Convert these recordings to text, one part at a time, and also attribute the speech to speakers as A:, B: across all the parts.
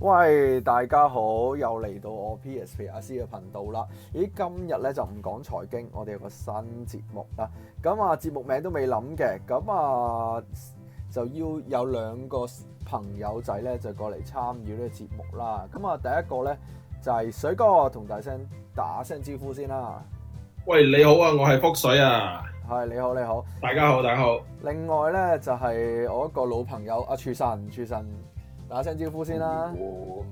A: 喂，大家好，又嚟到我 PSP 阿 C 嘅頻道啦。咦，今日咧就唔講財經，我哋有個新節目啦。咁啊，節目名都未諗嘅，咁啊就要有兩個朋友仔咧就過嚟參與呢個節目啦。咁啊，第一個咧就係、是、水哥同大聲打聲招呼先啦。喂，你好啊，我係福水啊。係你好，你好，大家好，大家好。另外咧就係、是、我一個老朋友阿柱生，柱、啊、生。打聲招呼先啦！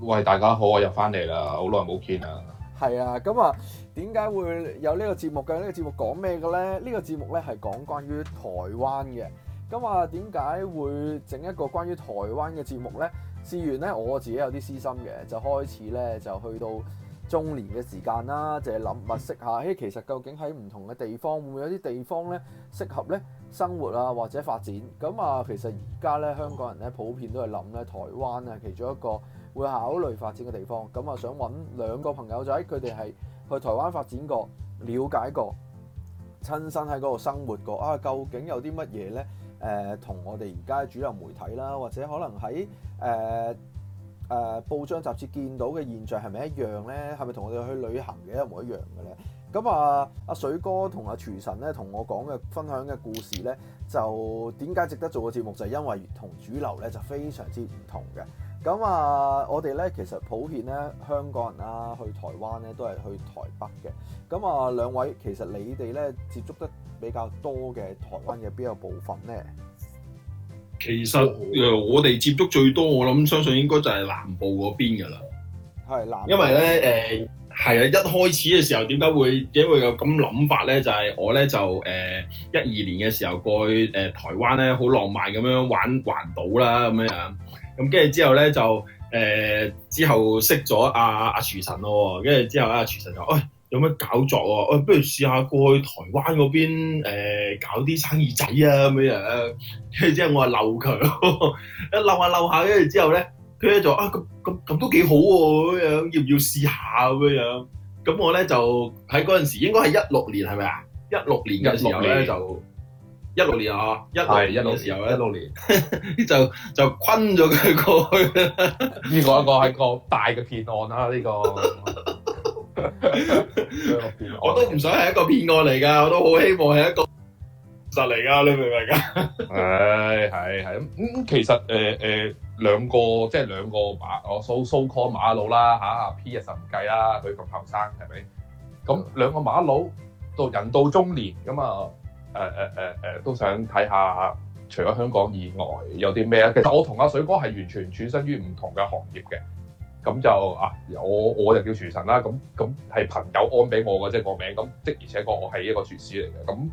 A: 喂，大家好，我又
B: 翻嚟啦，好耐冇見
A: 啦。係啊，咁啊，點解會有呢個節目嘅？呢個節目講咩嘅咧？呢個節目咧係講關於台灣嘅。咁啊，點解會整一個關於台灣嘅節目咧？自然咧我自己有啲私心嘅，就開始咧就去到中年嘅時間啦，就係諗物色下，咦，其實究竟喺唔同嘅地方會唔會有啲地方呢適合呢生活啊或者發展？咁啊，其實而家呢，香港人呢普遍都係諗呢台灣啊，其中一個會考慮發展嘅地方。咁啊，想揾兩個朋友仔，佢哋係去台灣發展過、了解過、親身喺嗰度生活過啊，究竟有啲乜嘢呢？誒、呃，同我哋而家主流媒體啦，或者可能喺誒。呃誒、呃、報章雜誌見到嘅現象係咪一樣呢？係咪同我哋去旅行嘅一模一樣嘅呢？咁啊，阿水哥同阿、啊、廚神呢，同我講嘅分享嘅故事呢，就點解值得做個節目就係、是、因為同主流呢，就非常之唔同嘅。咁啊，我哋呢，其實普遍呢，香港人啊去台灣呢，都係去台北嘅。咁啊，兩位其實你哋呢，接觸得比較多嘅台灣嘅邊個部分呢？
C: 其實誒，我哋接觸最多，我諗相信應該就係南部嗰邊噶啦。係
A: 南，因為咧誒，
C: 係啊部、呃，一開始嘅時候點解會，因為有咁諗法咧，就係、是、我咧就誒一二年嘅時候過去誒、呃、台灣咧，好浪漫咁樣玩環島啦咁樣樣，咁跟住之後咧就誒、呃、之後識咗阿阿廚神咯，跟住之後阿、啊、廚神就，哎。有乜搞作啊？誒、哎，不如試下過去台灣嗰邊、呃、搞啲生意仔啊咁樣。跟住之後我他，我話溜佢，一溜下溜下，跟住之後咧，佢咧就啊，咁咁咁都幾好喎咁樣，要唔要試下咁樣？咁我咧就喺嗰陣時應該係一六年係咪啊？一六年嘅時候咧，就一六年啊，一六年嘅時候，一六年，年 就就困咗佢過去。呢 個一個係個大嘅騙案啦、啊，呢、這個。 我都唔想係一個騙案嚟噶，我都好希望係一個實嚟噶，你明唔
B: 明啊？係係咁其實誒誒、呃呃，兩個即係兩、so, so 啊、兩個馬，我 so so call 馬佬啦吓，P 其實唔計啦，佢咁後生係咪？咁兩個馬佬到人到中年，咁啊誒誒誒誒，都想睇下除咗香港以外有啲咩啊？但我同阿水哥係完全出身於唔同嘅行業嘅。咁就啊，我我就叫廚神啦。咁咁係朋友安俾我嘅，我的名字即係個名。咁的而且確我我係一個廚師嚟嘅。咁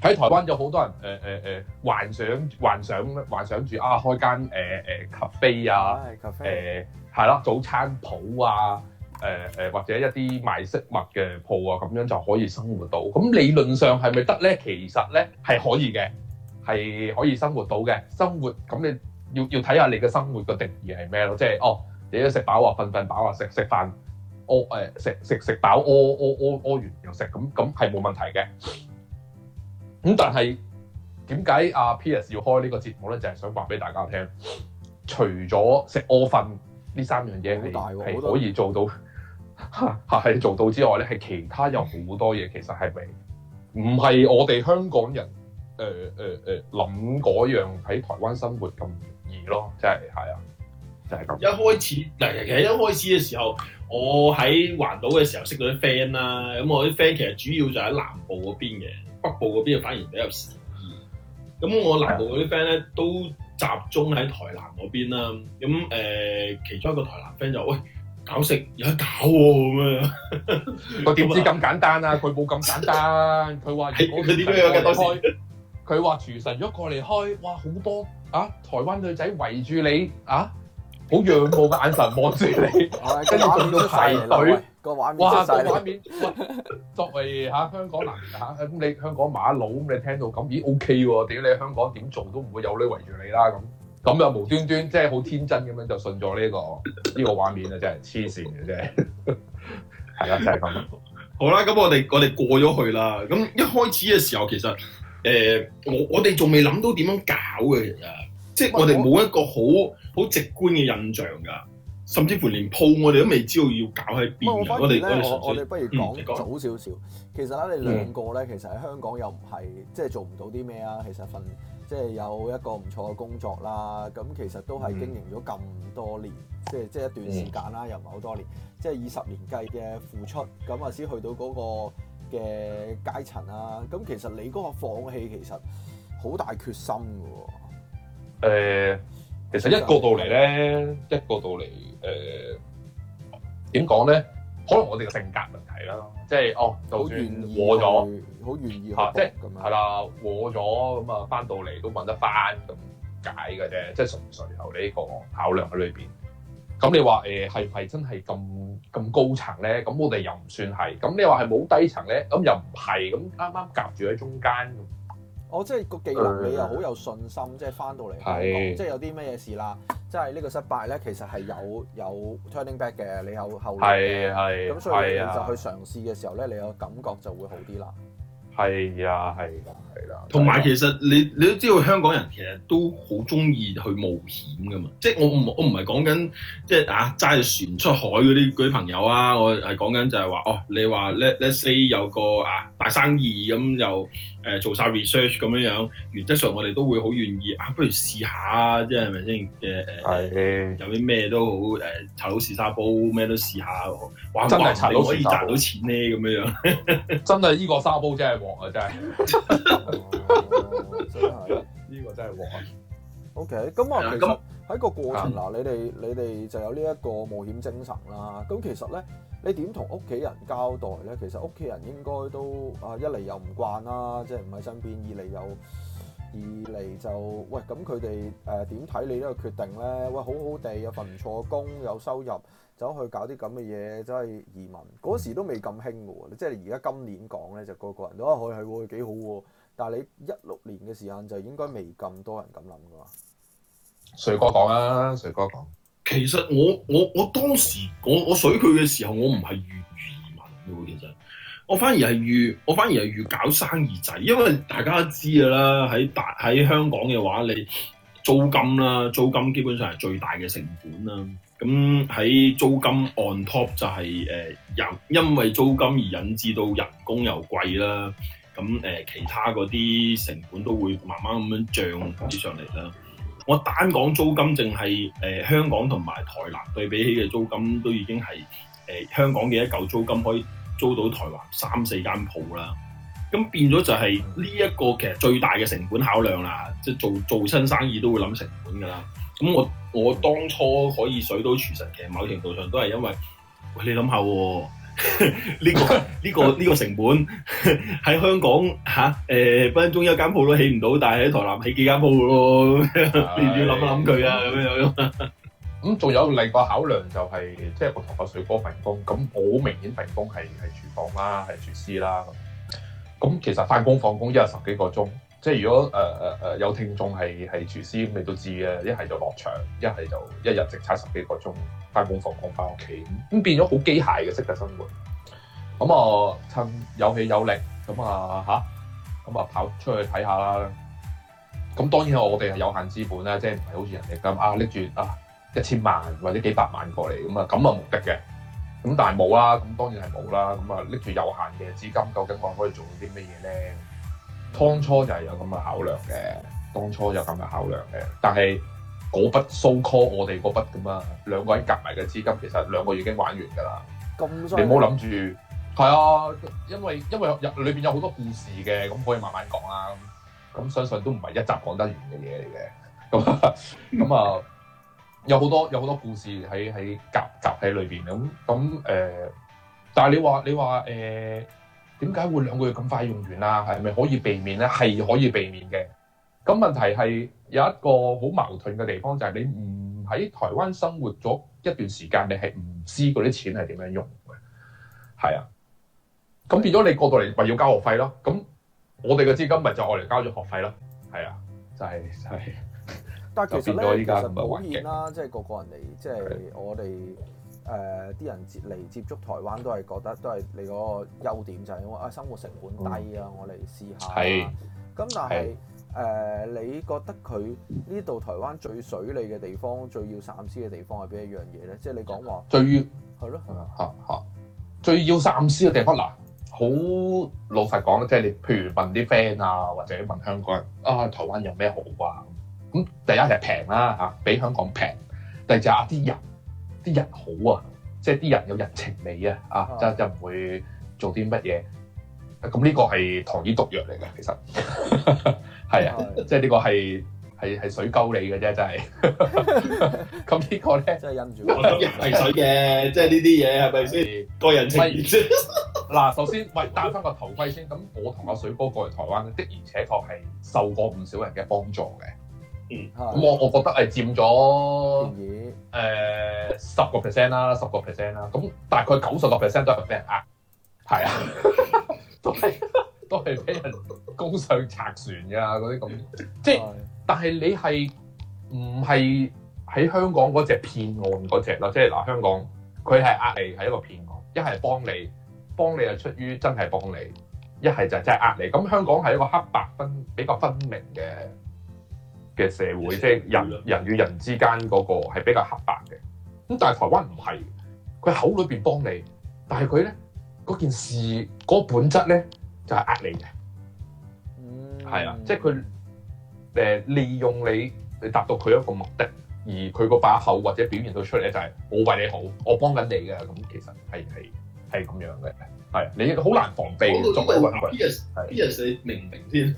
B: 喺台灣有好多人誒誒誒幻想幻想幻想住啊，開一間誒誒、呃、咖啡啊，誒係咯，早餐鋪啊，誒、呃、誒或者一啲賣飾物嘅鋪啊，咁樣就可以生活到。咁理論上係咪得咧？其實咧係可以嘅，係可以生活到嘅生活。咁你要要睇下你嘅生活嘅定義係咩咯？即、就、係、是、哦。你一食飽，飽，飽，就是，啊，瞓瞓飽啊，食食飯屙誒食食食飽屙屙屙完又食，咁咁係冇問題嘅。咁但係點解阿 PS 要開呢個節目咧？就係想話俾大家聽，除咗食屙瞓呢三樣嘢係係可以做到嚇係大做到之外咧，係其他有好多嘢其實係未唔係我哋香港人誒誒誒諗嗰樣喺台灣生活咁易咯，即係係啊。
C: 就一開始，嗱其實一開始嘅時候，我喺環島嘅時候識到啲 friend 啦。咁我啲 friend 其實主要就喺南部嗰邊嘅，北部嗰邊啊反而比較少。咁我南部嗰啲 friend 咧都集中喺台南嗰邊啦。咁誒、呃，其中一個台南 friend 就喂，搞食有得搞喎咁樣。我點 知咁簡單啊？佢冇咁簡單，啊。佢話， 佢點樣㗎？當時
B: 佢話廚神咗過嚟開，哇好多啊！台灣女仔圍住你啊！好仰慕嘅眼神望住你，跟住仲要排隊。哇！個畫面，畫面 作為嚇、啊、香港男人嚇，咁、啊、你香港馬佬咁，你聽到咁，咦？OK 喎，屌、OK、你香港點做都唔會有女圍住你啦咁，咁又無端端即係好天真咁樣就信咗呢、呢個呢、呢個畫面 啊，真係黐線嘅啫，係啦，就係咁。
C: 好啦，咁我哋我哋過咗去啦。咁一開始嘅時候，其實誒、呃，我我哋仲未諗到點樣搞嘅其實。即係我哋冇一個好好我直觀嘅印象㗎，甚至乎連鋪我哋都未知道要搞喺邊。我哋不如講早
A: 少少。其實啦，你兩個咧，其實喺香港又唔係即係做唔到啲咩啊。其實份即係有一個唔錯嘅工作啦。咁其實都係經營咗咁多年，即係即係一段時間啦，又唔係好多年。即係二十年計嘅付出，咁先去到嗰個嘅階層啊。咁其實你嗰個放棄，其實好大決心㗎喎。
B: 誒，其實一個道理咧，一個道理誒，點講咧？可能我哋嘅性格問題啦，即係哦，就好願意和咗，好願意嚇，即係係啦，和咗咁啊，翻到嚟都揾得翻咁解嘅啫，即係純粹由呢個考量喺裏邊。咁你話誒係唔係真係咁咁高層咧？咁我哋又唔算係。咁你話係冇低層咧？咁又唔係。咁啱啱夾住喺中間。
A: 哦，即係個技能，你又好有信心，呃、即係翻到嚟，香港是，即係有啲咩嘢事啦，即係呢個失敗咧，其實係有有 turning back 嘅，你有後嚟嘅，咁所以你就去嘗試嘅時候咧，的你個感覺就會好啲啦。
B: 係啊，係啦、啊，係啦、
C: 啊。同埋、啊、其實你你都知道香港人其實都好中意去冒險噶嘛。即係我唔我唔係講緊即係啊揸住船出海嗰啲嗰啲朋友啊。我係講緊就係話哦，你話 let let say 有個啊大生意咁又誒做晒 research 咁樣樣，原則上我哋都會好願意啊。不如試下是是啊，即係係咪先？誒誒，有啲咩都好誒、啊，炒時沙煲咩都試下。真係炒到可以賺到錢咧，咁樣樣。真係呢個沙煲真係
B: 啊！真係，真係，呢個真係
C: 鑊啊！OK，咁啊，其實
A: 喺個過程嗱，你哋你哋就有呢一個冒險精神啦。咁其實咧，你點同屋企人交代咧？其實屋企人應該都啊，一嚟又唔慣啦，即係唔喺身邊；二嚟又二嚟就喂，咁佢哋誒點睇你呢個決定咧？喂，好好地有份唔錯嘅工，有收入。走去搞啲咁嘅嘢，走去移民嗰時都未咁興嘅，你即係而家今年講咧，就個個人都話係係喎，幾好喎。但係你一六年嘅時間就應該未咁多人咁諗㗎嘛？
B: 水哥講啊，水
C: 哥講，其實我我我當時我我水佢嘅時候，我唔係遇移民嘅喎，其實我反而係遇我反而係遇搞生意仔，因為大家都知㗎啦，喺大喺香港嘅話，你租金啦，租金基本上係最大嘅成本啦。咁喺租金 on top 就係、是呃、因為租金而引致到人工又貴啦。咁、呃、其他嗰啲成本都會慢慢咁樣漲起上嚟啦。我單講租金，淨、呃、係香港同埋台南對比起嘅租金都已經係、呃、香港嘅一嚿租金可以租到台灣三四間鋪啦。咁變咗就係呢一個其實最大嘅成本考量啦。即、就、係、是、做做新生意都會諗成本㗎啦。咁我。我當初可以水到渠成嘅，某程度上都係因為，喂你諗下喎，呢、呢個呢、呢個呢 個成本喺香港嚇，誒分分鐘一間鋪都起唔到，但係喺台南起幾間鋪咯，的 你要諗一諗佢啊咁樣
B: 樣。咁仲、嗯、有另一個考量就係、是，即係我同阿水哥份工，咁好明顯份工係係廚房啦，係廚師啦。咁其實翻工放工要十幾個鐘。即係如果誒誒誒有聽眾係係廚師咁，你都知嘅，一係就落場，一係就一日直差十幾個鐘，翻工放工翻屋企，咁變咗好機械嘅式嘅生活。咁啊，趁有氣有力，咁啊嚇，咁啊，啊，啊跑出去睇下啦。咁當然我哋係有限資本啦，即係唔係好似人哋咁啊拎住啊一千萬或者幾百萬過嚟，咁啊咁啊目的嘅。咁但係冇啦，咁當然係冇啦。咁啊拎住有限嘅資金，究竟我可以做啲咩嘢咧？當初就係有咁嘅考量嘅，當初有咁嘅考量嘅，但係嗰筆收 call 我哋嗰筆咁啊，兩個人夾埋嘅資金其實兩個已經玩完㗎啦。咁
A: 你唔好諗
B: 住係啊，因為因為入裏邊有好多故事嘅，咁可以慢慢講啦。咁相信都唔係一集講得完嘅嘢嚟嘅。咁咁啊，有好多有好多故事喺喺夾集喺裏邊咁咁誒，但係你話你話誒？呃點解會兩個月咁快用完啊？係咪可以避免咧？係可以避免嘅。咁問題係有一個好矛盾嘅地方，就係、是、你唔喺台灣生活咗一段時間，你係唔知嗰啲錢係點樣用嘅。係啊，咁變咗你過到嚟咪要交學費咯。咁我哋嘅資金咪就愛嚟交咗學費咯。係啊， 就係就係。但係咁變咗依家咁嘅環境
A: 啦，即係個個人嚟，即、就、係、是、我哋。誒啲、呃、人接嚟接觸台灣都係覺得，都係你嗰個優點就係因為啊生活成本低啊，嗯、我嚟試下。係。咁但係誒，你覺得佢呢度台灣最水利嘅地方，最要三思嘅地方係邊一樣嘢咧？即係你講話最要係咯，嚇
B: 嚇最要三思嘅地方嗱，好老實講，即係你譬如問啲 friend 啊，或者問香港人啊，台灣有咩好啊？咁第一就係平啦嚇，比香港平。第二就係啲人。啲人好啊，即係啲人有人情味啊，啊，就就唔會做啲乜嘢，咁呢個係糖衣毒藥嚟嘅，其實係 啊，是即係呢個係係係水溝你嘅啫，真係。咁 呢個咧，真係因住個人為水嘅，即係呢啲嘢係咪先？個人情義嗱，首先，喂，戴翻個頭盔先。咁我同阿水哥過嚟台灣的而且確係受過唔少人嘅幫助嘅。
C: 咁我我覺得係
B: 佔咗誒十個 percent 啦，十個 percent 啦。咁、呃、大概九十個 percent 都係俾人呃，係、嗯、啊， 都係都係俾人高上賊船嘅嗰啲咁。即係，但係你係唔係喺香港嗰隻騙案嗰隻咯？即係嗱，香港佢係呃你係一個騙案，一係幫你幫你係出於真係幫你，一係就真係呃你。咁香港係一個黑白分比較分明嘅。嘅社會，即係人人與人之間嗰個係比較黑白嘅。咁但係台灣唔係，佢口裏邊幫你，但係佢咧嗰件事嗰個本質咧就係呃你嘅，係啊，嗯，即係佢誒利用你嚟達到佢一個目的，而佢個把口或者表現到出嚟咧就係我為你好，我幫緊你嘅。咁其實係係。係咁樣嘅，係你好難防備，做到咩？啲人係，啲人死，
A: 明唔明先？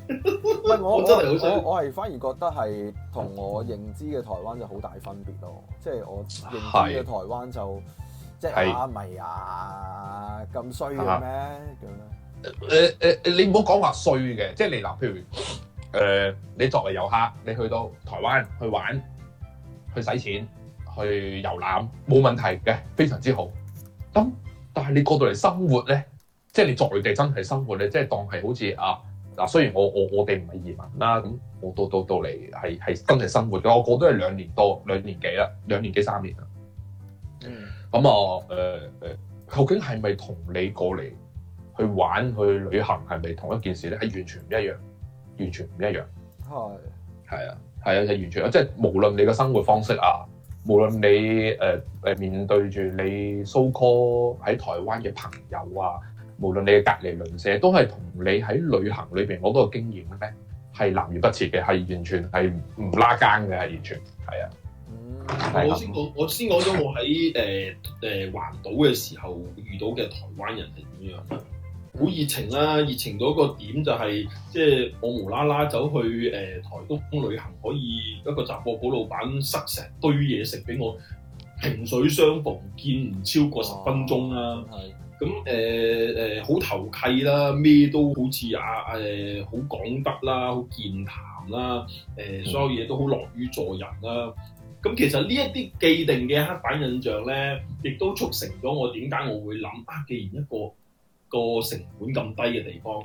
A: 喂，我我我係反而覺得係同我認知嘅台灣就好大分別咯。即係我認知嘅台灣就即係啊，咪啊咁衰嘅咩？咁樣誒
B: 誒誒，你唔好講話衰嘅。即係你嗱，譬如誒，你作為遊客，你去到台灣去玩、去使錢、去遊覽，冇問題嘅，非常之好。咁但係你過到嚟生活咧，即係你在地真係生活咧，即係當係好似啊嗱，雖然我我我哋唔係移民啦，咁我到到到嚟係係真係生活嘅，我過都係兩年多，兩年幾啦，兩年幾三年啦嗯。咁啊，誒究竟係咪同你過嚟去玩去旅行係咪同一件事咧？係完全唔一樣，完全唔一樣。係。哎。係啊，係啊，就完全啊，即係無論你嘅生活方式啊。無論你、呃、面對住你 so call 喺台灣嘅朋友啊，無論你嘅隔離鄰舍，都係同你喺旅行裏面攞嗰個經驗咧，係南轅北轍嘅，係完全係唔拉更嘅，完全係啊、嗯我。
C: 我先講，我先講咗我喺環島嘅時候遇到嘅台灣人係點樣的。好熱情啦、啊，熱情到一個點就係、是，即、就、係、是、我無啦啦走去誒、呃、台東旅行，可以一個雜貨鋪老闆塞成堆嘢食俾我，萍水相逢見唔超過十分鐘啦、啊，咁誒好投契啦，咩都好似阿好講得啦，好健談啦、呃，所有嘢都好樂於助人啦、啊，咁、嗯、其實呢一啲既定嘅刻板印象咧，亦都促成咗我點解我會諗啊，既然一個個成本咁低嘅地方，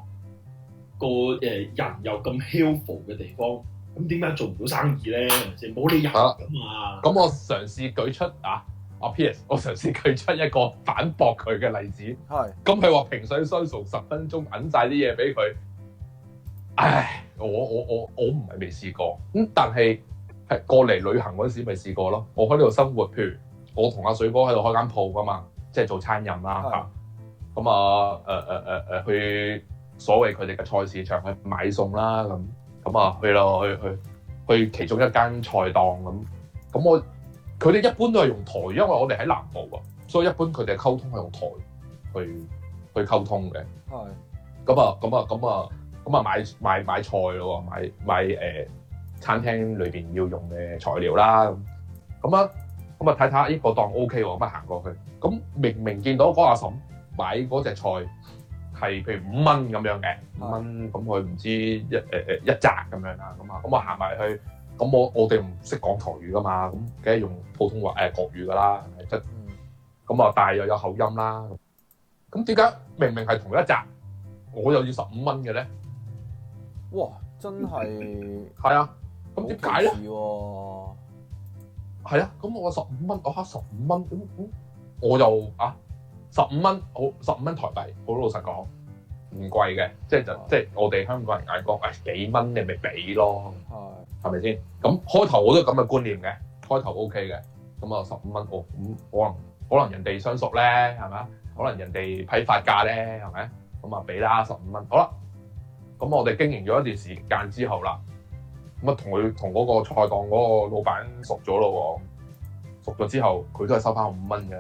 C: 個誒人又咁 helpful 嘅地方，咁點解做唔到生意咧？冇理由。咁我嘗
B: 試舉出啊，阿 Pierce，我嘗試舉出一個反駁佢嘅例子。係是，咁佢話平水相送十分鐘揾晒啲嘢俾佢。唉，我我我我唔係未試過，咁但係係過嚟旅行嗰時咪試過咯。我喺呢度生活，譬如我同阿水哥喺度開間鋪噶嘛，即係做餐飲啦吓是、啊咁啊，誒誒誒誒，去所謂佢哋嘅菜市場去買餸啦。咁咁啊，去咯，去去去其中一間菜檔咁。咁我佢哋一般都係用台，因為我哋喺南部啊，所以一般佢哋溝通係用台去去溝通嘅。係咁啊，咁啊，咁啊，咁啊，買買買菜咯，買買誒、呃、餐廳裏邊要用嘅材料啦。咁咁啊，咁啊，睇睇呢個檔 O K 喎，咁啊行過去，咁明明見到嗰個阿嬸，買嗰隻菜係譬如五蚊咁樣嘅，五蚊咁佢唔知一誒誒一紮咁樣啦，咁啊咁啊行埋去，咁我我哋唔識講台語㗎嘛，咁梗係用普通話誒國語㗎啦，咁啊但係又有口音啦，咁點解明明係同一紮，我又要十五蚊嘅咧？
A: 哇！真係
B: 係啊，咁點解咧？係啊，咁我十五蚊，我蝦十五蚊，咁咁我又啊？十五蚊好，十五蚊台幣好老實講唔貴嘅，即係就的即係我哋香港人眼光，誒、哎、幾蚊你咪俾咯，係係咪先？咁開頭我都咁嘅觀念嘅，開頭 O K 嘅，咁啊十五蚊哦，咁、嗯、可能可能人哋相熟咧，係咪啊？可能人哋批發價咧，係咪？咁啊俾啦十五蚊，好啦，咁我哋經營咗一段時間之後啦，咁啊同佢同嗰個菜檔嗰個老闆熟咗咯喎，熟咗之後佢都係收翻五蚊嘅。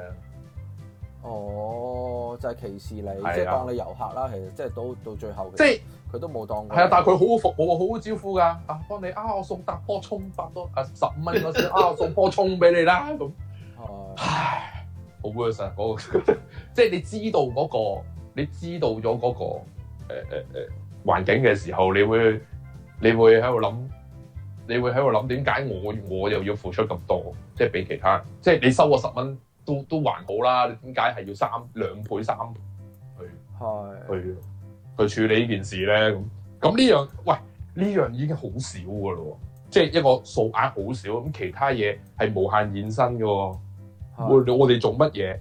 A: 哦，就係、是、歧視你，是的即係當你遊客啦。其實即係到到最後，即係佢都冇當過。係啊，但係佢好好服務好好招
B: 呼㗎。啊，幫你啊，我送搭棵葱百多啊，十五蚊嗰先啊，我送棵葱俾你啦咁。的唉，好嘅成日嗰個，即係你知道嗰、那個，你知道咗嗰、那個誒誒誒環境嘅時候你，你會你會喺度諗，你會喺度諗點解我我又要付出咁多？即係俾其他，即係你收我十蚊，都都還好啦，你點解係要三兩倍三去去去處理呢件事咧？咁咁呢樣喂，呢樣已經好少嘅咯，即係一個數額好少。咁其他嘢係無限衍生嘅喎，是我哋做乜嘢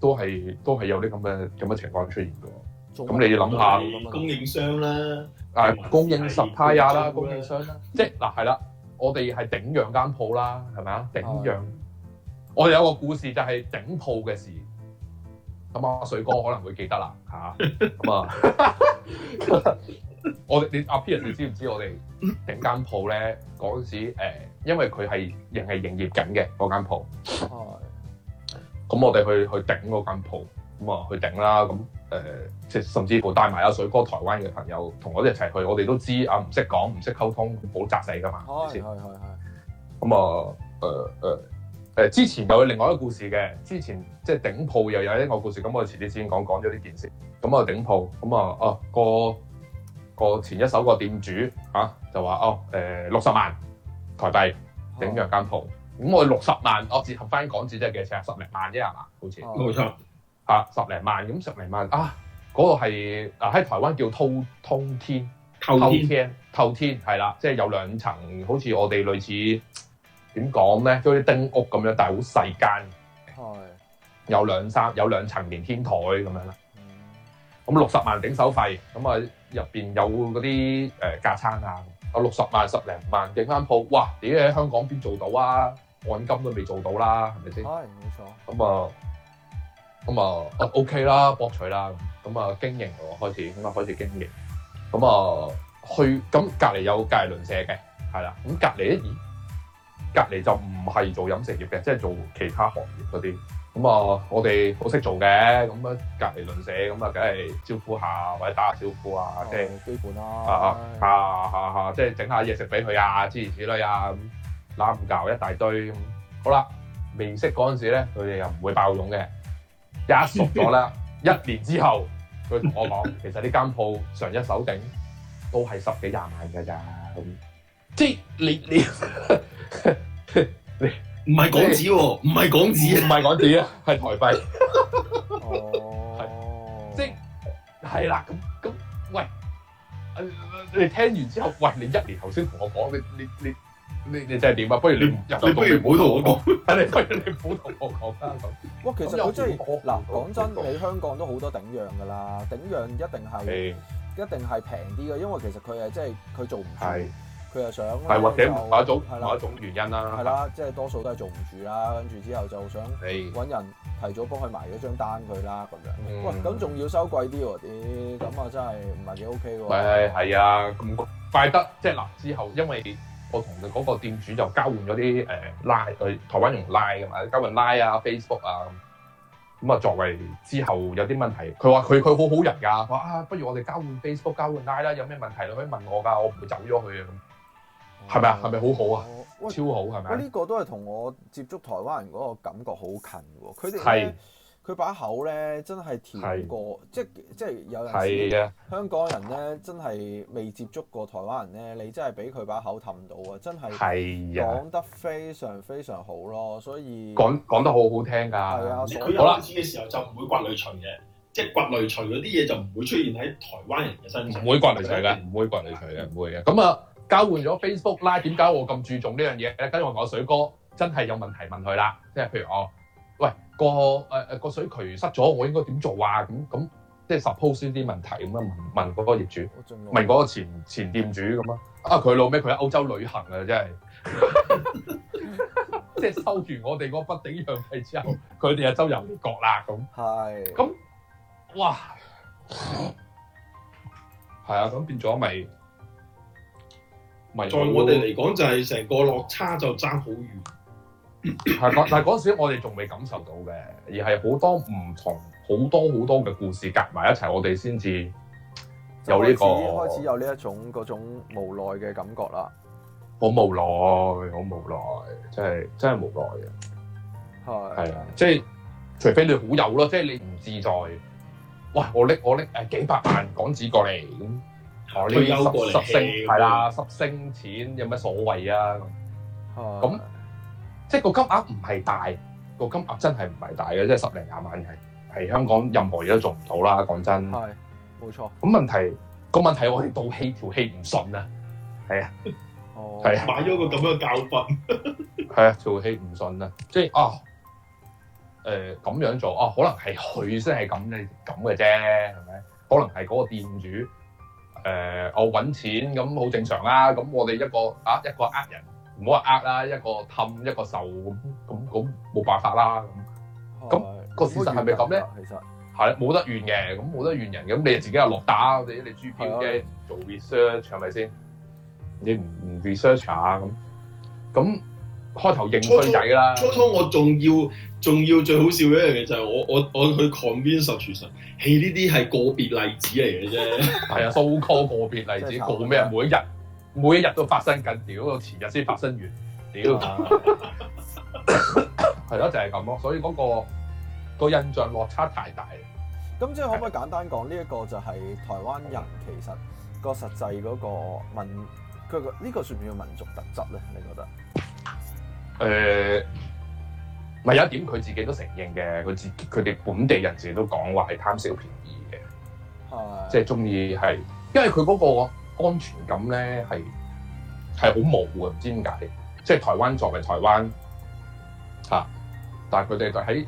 B: 都係都係有啲咁嘅咁嘅情況出現㗎喎。
C: 咁你要諗下，供應商啦，
B: 啊供應十派廿啦，供
C: 應
B: 商啦，即係嗱係啦，我哋係頂讓間鋪啦，係咪啊？是頂讓養。我哋有個故事就係頂鋪嘅事，咁啊水哥可能會記得啦嚇。咁 啊，我哋你阿 Peter，你知唔知我哋頂間鋪咧嗰陣時、呃、因為佢係仍係營業緊嘅嗰間鋪。咁 我哋去去頂嗰間鋪，咁啊 去頂啦。咁誒，即、呃、係甚至乎帶埋阿水哥台灣嘅朋友同我哋一齊去。我哋都知道啊，唔識講、唔識溝通好雜死噶嘛。係係係係。咁啊、 嗯，誒、呃、誒。呃呃誒之前有另外一個故事嘅，之前即係頂鋪又有一個故事，咁我哋遲啲先講講咗呢件事。咁我頂鋪，咁啊啊、那個個前一手個店主嚇、啊、就話哦誒六十萬台幣頂咗間鋪，咁、哦、我六十萬我折合翻港紙即係幾錢啊？十零萬啫係嘛？好似冇
C: 錯
B: 吓，十零萬，咁十零萬啊嗰、那個係啊喺台灣叫透通天，天，天，透天透天係啦，即係、就是、有兩層，好似我哋類似。點講咧？即好似丁屋咁樣，但係好細間。對有兩三，有兩層連天台咁樣啦。咁六十萬頂手費，咁啊入面有嗰啲誒架撐啊，啊、呃、六十萬十零萬頂間鋪，哇！點咧喺香港邊做到啊？按金都未做到啦，係咪先？係，冇錯。咁啊，咁啊，OK 啦，博取啦。咁啊，經營喎開始，咁啊開始經營。咁啊，去咁隔離有隔籬鄰舍嘅，係啦。咁隔離一隔離就唔係做飲食業嘅，即係做其他行業嗰啲。咁啊，我哋好識做嘅。咁啊，隔離鄰舍咁啊，梗係招呼下或者打下招呼啊，即係基本啦。啊啊啊啊啊！即係整下嘢食俾佢啊，諸如此類啊，咁攬唔夠一大堆。好啦，未識嗰陣時咧，佢哋又唔會爆湧嘅。一熟咗啦， 一年之後，佢同我講，其實呢間鋪上一手頂都係十幾廿萬㗎咋。咁即
C: 係你唔係港紙喎，唔係港紙啊，唔係港紙啊，係台幣。哦，
B: 即係係啦，咁咁喂，你聽完之後，喂，你一年頭先同我講，你你你你你真係點啊？不如你入，不如唔好同我講，你不如你唔好同我講啦。
A: 哇，其實佢真係嗱，講真，你香港都好多頂讓噶啦，頂讓一定係一定係平啲嘅，因為其實佢係即係佢做唔到。佢又想，係或者某一種某一種
B: 原因啦，係啦，
A: 即係多數都係做唔住啦，跟住之後就想揾人提早幫佢埋咗張單佢啦，咁樣。喂，咁仲要收貴啲喎？咦，咁啊真係唔係幾 OK 喎？誒係啊，
B: 咁快得即係嗱之後，因為我同佢嗰個店主就交換咗啲誒 line，誒台灣用 line 噶嘛，交換 line 啊、Facebook 啊，咁啊作為之後有啲問題，佢話佢佢好好人㗎，話啊不如我哋交換 Facebook 交換 line 啦，有咩問題你可以問我㗎，我唔會走咗佢啊咁。係咪啊？係咪好好啊？超好係咪？我呢個都係同
A: 我接觸台灣人嗰個感覺好近喎。佢哋咧，佢把口咧真係甜過，即係即係有陣時香港人咧真係未接觸過台灣人咧，你真係俾佢把口氹到啊！真係講得非常非常好咯，所以講
B: 講得好好聽㗎。係啊，佢有錢嘅
C: 時候就唔會刮雷渠嘅，即係刮雷渠嗰啲嘢就唔會出現喺台灣人嘅身上。唔會刮雷渠嘅，唔會刮雷渠嘅，唔會嘅。咁
B: 啊～交換咗 Facebook 啦，點解我咁注重這件事呢樣嘢咧？因為我個水哥真係有問題問佢啦，即係譬如我喂個誒誒個水渠塞咗，我應該點做啊？咁咁即係 suppose 啲問題咁樣問問嗰個業主，問嗰個前前店主咁啊？啊佢老咩？佢喺歐洲旅行啊，真係即係收完我哋嗰筆頂讓費之後，佢哋就周遊列國啦咁。係。咁的哇，係啊，咁變咗咪、即係？
C: 在我哋嚟講，就係成個落
B: 差就爭好遠。但係嗰時我哋仲未感受到嘅，而係好多唔同、好多好多嘅故事夾埋一齊，我哋先至有呢個開
A: 始有呢一種嗰種無奈嘅感
B: 覺啦。好無奈，好無，無奈，真係真係無奈啊的，係係啊，即係除非你好有咯，即係你唔自在。哇，我拎，我拎誒幾百萬港紙過嚟咁。佢十十升係啦，十對升錢有咩所謂啊？咁的即係個金額唔係大，個金額真係唔係大嘅，即係十零廿萬係，係香港任何嘢都做唔到啦。講真的，係冇錯。咁問題，個問題，我哋賭氣條氣唔順啊，係
C: 啊，係啊，買咗個咁樣嘅
B: 教訓，係、哦、 啊，條氣唔順啊，即係啊，誒咁樣做啊，可能係佢先係咁嘅咁嘅啫，係、啊、咪？可能係嗰個店主。誒我揾錢咁好正常啦，咁我哋一個啊一個呃人，唔好話呃啦，一個氹一個受咁，咁咁冇辦法啦咁，咁個事實係咪咁咧？其實係冇得怨嘅，咁冇、啊、得怨人，咁你自己又落打、啊、你你珠嘅做 research 係咪先？你唔 research 下咁，咁開頭
C: 認衰仔啦，初初我仲要。仲要最好笑嘅一樣嘢就係我我我去 convince 住實，係呢啲係個別例子嚟嘅啫，係啊， 數、so、個個別例子別告咩， 每一日每一日
B: 都發生緊，屌，前日先發生完，屌，係咯，就係咁咯，所以嗰、嗰個嗰個嗰個印象落差太大。
A: 咁即係可唔可以簡單講呢一個就係台灣人其實、嗰個實際嗰個民，佢個呢個算唔算民族特質咧？你覺得？誒、 呃。
B: 唔係有一點佢自己都承認嘅，佢自佢哋本地人自己都講話係貪小便宜嘅，
A: 係即係
B: 中意係，因為佢嗰個安全感咧係係好模糊，唔知點解。即係台灣作為台灣嚇、啊，但係佢哋就喺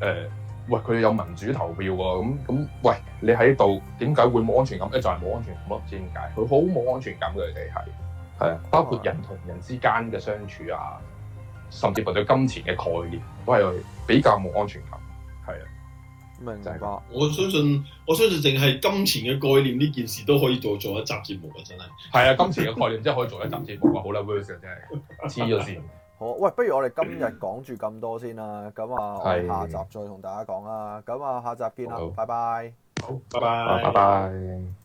B: 誒喂，佢哋有民主投票喎，咁咁喂，你喺度點解會冇安全感？一、哎、就係冇安全感咯，唔知點解，佢好冇安全感，佢哋係係啊，的包括人同人之間嘅相處啊。甚至乎對金錢嘅概念都係比較冇安全感，係啊，
C: 明就白係的我相信我相信淨係金錢嘅概念呢件事都可以再做，做一集節目啊！真係，係啊， 金錢嘅概念真係可以做一集節目 啊！ 好啦，Vers 真係黐
A: 咗線。好，喂，不如我哋今日講住咁多先啦，咁啊，啊的我哋下集再同大家講啦，咁啊，下集見啦，拜拜，好，拜拜 bye，拜拜。Bye bye bye bye